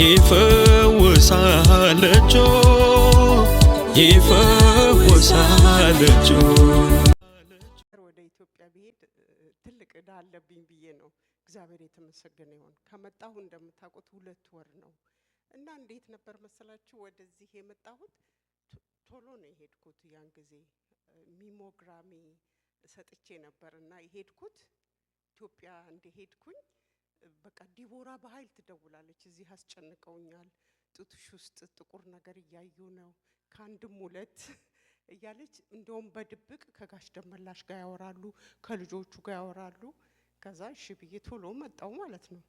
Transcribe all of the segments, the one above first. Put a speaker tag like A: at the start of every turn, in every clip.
A: ይፈውሳል እጁ ይፈውሳል እጁ።
B: ወደ ኢትዮጵያ ብሄድ ትልቅ እዳ አለብኝ ብዬ ነው። እግዚአብሔር የተመሰገነ ይሁን። ከመጣሁ እንደምታውቁት ሁለት ወር ነው እና እንዴት ነበር መሰላችሁ ወደዚህ የመጣሁት ቶሎ ነው የሄድኩት። ያን ጊዜ ሚሞግራሚ ሰጥቼ ነበር እና የሄድኩት ኢትዮጵያ እንደሄድኩኝ በቃ ዲቦራ በኃይል ትደውላለች። እዚህ አስጨንቀውኛል፣ ጡትሽ ውስጥ ጥቁር ነገር እያዩ ነው፣ ከአንድም ሁለት እያለች እንደውም በድብቅ ከጋሽ ደመላሽ ጋር ያወራሉ፣ ከልጆቹ ጋር ያወራሉ። ከዛ እሺ ብዬ ቶሎ መጣው ማለት ነው።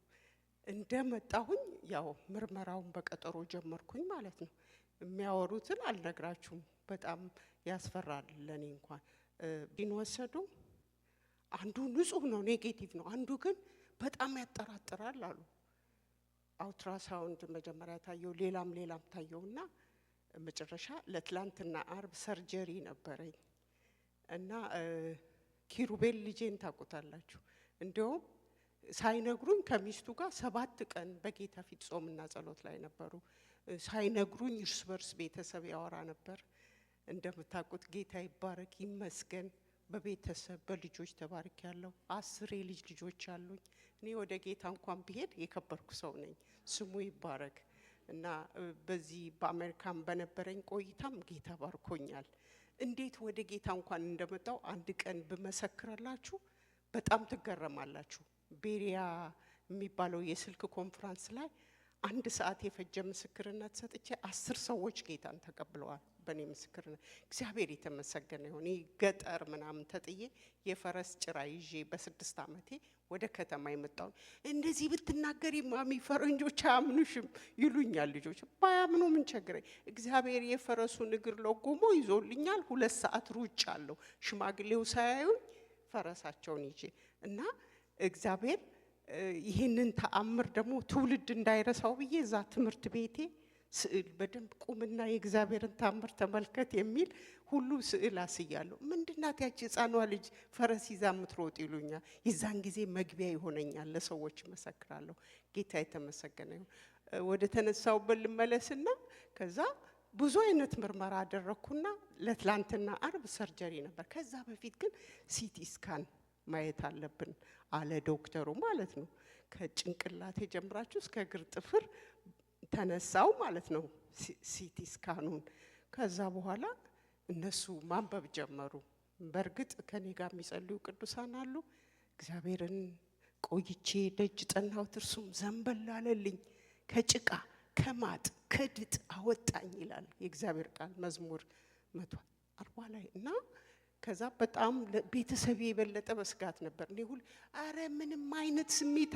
B: እንደ መጣሁኝ ያው ምርመራውን በቀጠሮ ጀመርኩኝ ማለት ነው። የሚያወሩትን አልነግራችሁም። በጣም ያስፈራል። ለእኔ እንኳን ቢንወሰዱ አንዱ ንጹህ ነው፣ ኔጌቲቭ ነው፣ አንዱ ግን በጣም ያጠራጥራል አሉ። አውትራሳውንድ መጀመሪያ ታየው፣ ሌላም ሌላም ታየውና መጨረሻ ለትላንትና አርብ ሰርጀሪ ነበረኝ እና ኪሩቤል ልጄን ታውቁታላችሁ። እንዲሁም ሳይነግሩኝ ከሚስቱ ጋር ሰባት ቀን በጌታ ፊት ጾምና ጸሎት ላይ ነበሩ። ሳይነግሩኝ እርስ በርስ ቤተሰብ ያወራ ነበር። እንደምታውቁት ጌታ ይባረክ ይመስገን። በቤተሰብ በልጆች ተባርክ ያለው አስር የልጅ ልጆች አሉኝ። እኔ ወደ ጌታ እንኳን ብሄድ የከበርኩ ሰው ነኝ። ስሙ ይባረክ እና በዚህ በአሜሪካን በነበረኝ ቆይታም ጌታ ባርኮኛል። እንዴት ወደ ጌታ እንኳን እንደመጣው አንድ ቀን ብመሰክርላችሁ በጣም ትገረማላችሁ። ቤሪያ የሚባለው የስልክ ኮንፈረንስ ላይ አንድ ሰዓት የፈጀ ምስክርነት ሰጥቼ አስር ሰዎች ጌታን ተቀብለዋል። በእኔ ምስክርነት እግዚአብሔር የተመሰገነ ይሁን። ገጠር ምናምን ተጥዬ የፈረስ ጭራ ይዤ በስድስት ዓመቴ ወደ ከተማ የመጣው እንደዚህ ብትናገሪ ማሚ ፈረንጆች አያምኑሽም ይሉኛል ልጆች። ባያምኑ ምን ቸግረኝ። እግዚአብሔር የፈረሱን እግር ለጎሞ ይዞልኛል። ሁለት ሰዓት ሩጫ አለው ሽማግሌው ሳያዩኝ ፈረሳቸውን ይዤ እና እግዚአብሔር ይህንን ተአምር ደግሞ ትውልድ እንዳይረሳው ብዬ እዛ ትምህርት ቤቴ ስዕል በደንብ ቁምና የእግዚአብሔርን ታምር ተመልከት የሚል ሁሉ ስዕል አስያለሁ። ምንድናት ያቺ ህፃኗ ልጅ ፈረስ ይዛ የምትሮጥ ይሉኛል። የዛን ጊዜ መግቢያ ይሆነኛል፣ ለሰዎች መሰክራለሁ። ጌታ የተመሰገነ ይሁን። ወደ ተነሳውበት ልመለስና ከዛ ብዙ አይነት ምርመራ አደረግኩና ለትላንትና አርብ ሰርጀሪ ነበር። ከዛ በፊት ግን ሲቲ ስካን ማየት አለብን አለ ዶክተሩ ማለት ነው። ከጭንቅላት ጀምራችሁ እስከ እግር ጥፍር ተነሳው ማለት ነው ሲቲ ስካኑን። ከዛ በኋላ እነሱ ማንበብ ጀመሩ። በእርግጥ ከኔ ጋር የሚጸልዩ ቅዱሳን አሉ። እግዚአብሔርን ቆይቼ ደጅ ጠናሁት፣ እርሱም ዘንበል አለልኝ፣ ከጭቃ ከማጥ ከድጥ አወጣኝ ይላል የእግዚአብሔር ቃል መዝሙር መቶ አርባ ላይ እና ከዛ በጣም ቤተሰብ የበለጠ መስጋት ነበር። እኔ ሁል አረ ምንም አይነት ስሜት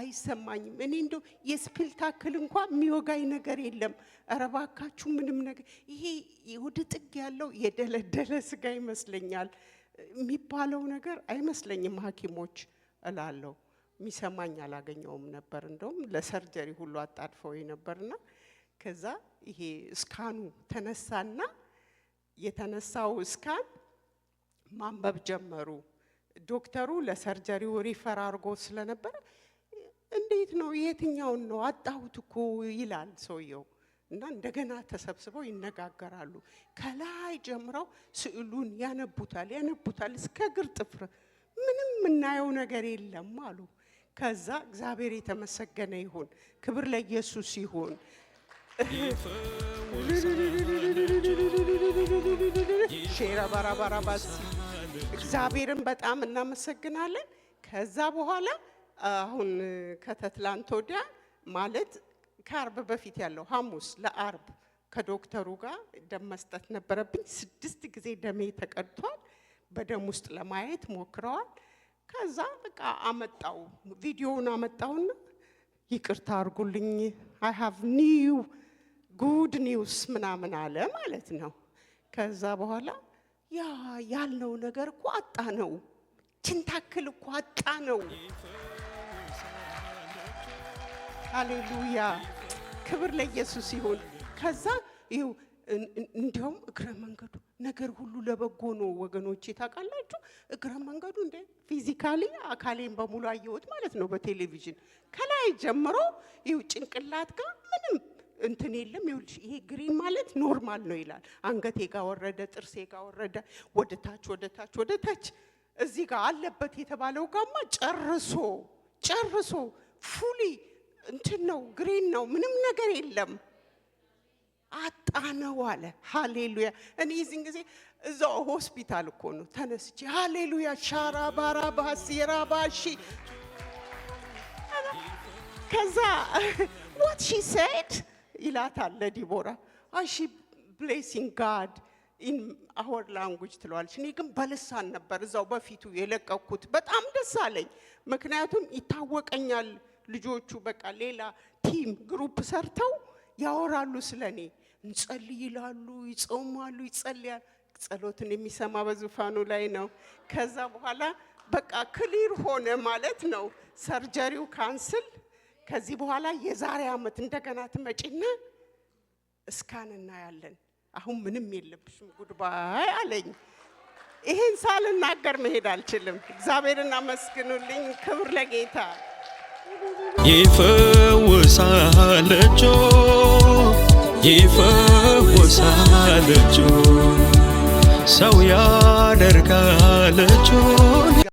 B: አይሰማኝም። እኔ እንደው የስፒል ታክል እንኳ የሚወጋኝ ነገር የለም። እረ ባካችሁ ምንም ነገር ይሄ ወደ ጥግ ያለው የደለደለ ስጋ ይመስለኛል የሚባለው ነገር አይመስለኝም። ሐኪሞች እላለሁ የሚሰማኝ አላገኘውም ነበር። እንደውም ለሰርጀሪ ሁሉ አጣድፈው ነበርና ከዛ ይሄ እስካኑ ተነሳና የተነሳው እስካን ማንበብ ጀመሩ። ዶክተሩ ለሰርጀሪው ሪፈር አድርጎ ስለነበረ እንዴት ነው የትኛውን ነው አጣሁት እኮ ይላል ሰውየው። እና እንደገና ተሰብስበው ይነጋገራሉ። ከላይ ጀምረው ስዕሉን ያነቡታል ያነቡታል እስከ እግር ጥፍር ምንም የምናየው ነገር የለም አሉ። ከዛ እግዚአብሔር የተመሰገነ ይሁን፣ ክብር ለኢየሱስ ይሁን። ሼረባራባራባስ እግዚአብሔርን በጣም እናመሰግናለን። ከዛ በኋላ አሁን ከትላንት ወዲያ ማለት ከአርብ በፊት ያለው ሐሙስ ለአርብ ከዶክተሩ ጋር ደም መስጠት ነበረብኝ። ስድስት ጊዜ ደሜ ተቀድቷል። በደም ውስጥ ለማየት ሞክረዋል። ከዛ በቃ አመጣው ቪዲዮውን አመጣውና ይቅርታ አድርጉልኝ አይ ሃቭ ኒው ጉድ ኒውስ ምናምን አለ ማለት ነው። ከዛ በኋላ ያ ያልነው ነገር እኮ አጣ ነው፣ ችንታክል እኮ አጣ ነው። ሃሌሉያ ክብር ለኢየሱስ ይሁን። ከዛ ይኸው እንዲያውም እግረ መንገዱ ነገር ሁሉ ለበጎ ነው ወገኖቼ፣ ታውቃላችሁ። እግረ መንገዱ እንደ ፊዚካሊ አካሌን በሙሉ አየሁት ማለት ነው በቴሌቪዥን ከላይ ጀምሮ ይኸው ጭንቅላት ጋር ምንም እንትን የለም። ይኸውልሽ ይሄ ግሪን ማለት ኖርማል ነው ይላል። አንገቴ ጋር ወረደ፣ ጥርሴ ጋር ወረደ፣ ወደ ታች ወደ ታች ወደ ታች። እዚህ ጋር አለበት የተባለው ጋማ ጨርሶ ጨርሶ ፉሊ እንትን ነው ግሪን ነው፣ ምንም ነገር የለም። ነው አለ። ሃሌሉያ! እኔ የዚህን ጊዜ እዛው ሆስፒታል እኮ ነው ተነስቼ ሃሌሉያ ሻራ ባራ ከዛ ዋት ሺ ሰድ ይላታል ለዲቦራ አሺ ብሌሲንግ ጋድ ኢን አወር ላንጉጅ ትለዋለች። እኔ ግን በልሳን ነበር እዛው በፊቱ የለቀኩት። በጣም ደስ አለኝ፣ ምክንያቱም ይታወቀኛል። ልጆቹ በቃ ሌላ ቲም ግሩፕ ሰርተው ያወራሉ ስለ እኔ፣ እንጸልይ ይላሉ፣ ይጾማሉ፣ ይጸልያል። ጸሎትን የሚሰማ በዙፋኑ ላይ ነው። ከዛ በኋላ በቃ ክሊር ሆነ ማለት ነው። ሰርጀሪው ካንስል ከዚህ በኋላ የዛሬ ዓመት እንደገና ትመጪና እስካን እናያለን። አሁን ምንም የለብሽም ጉድባይ አለኝ። ይህን ሳልናገር መሄድ አልችልም። እግዚአብሔርን አመስግኑልኝ። ክብር ለጌታ። ይፈውሳለች፣ ይፈውሳለች፣ ሰው ያደርጋለች።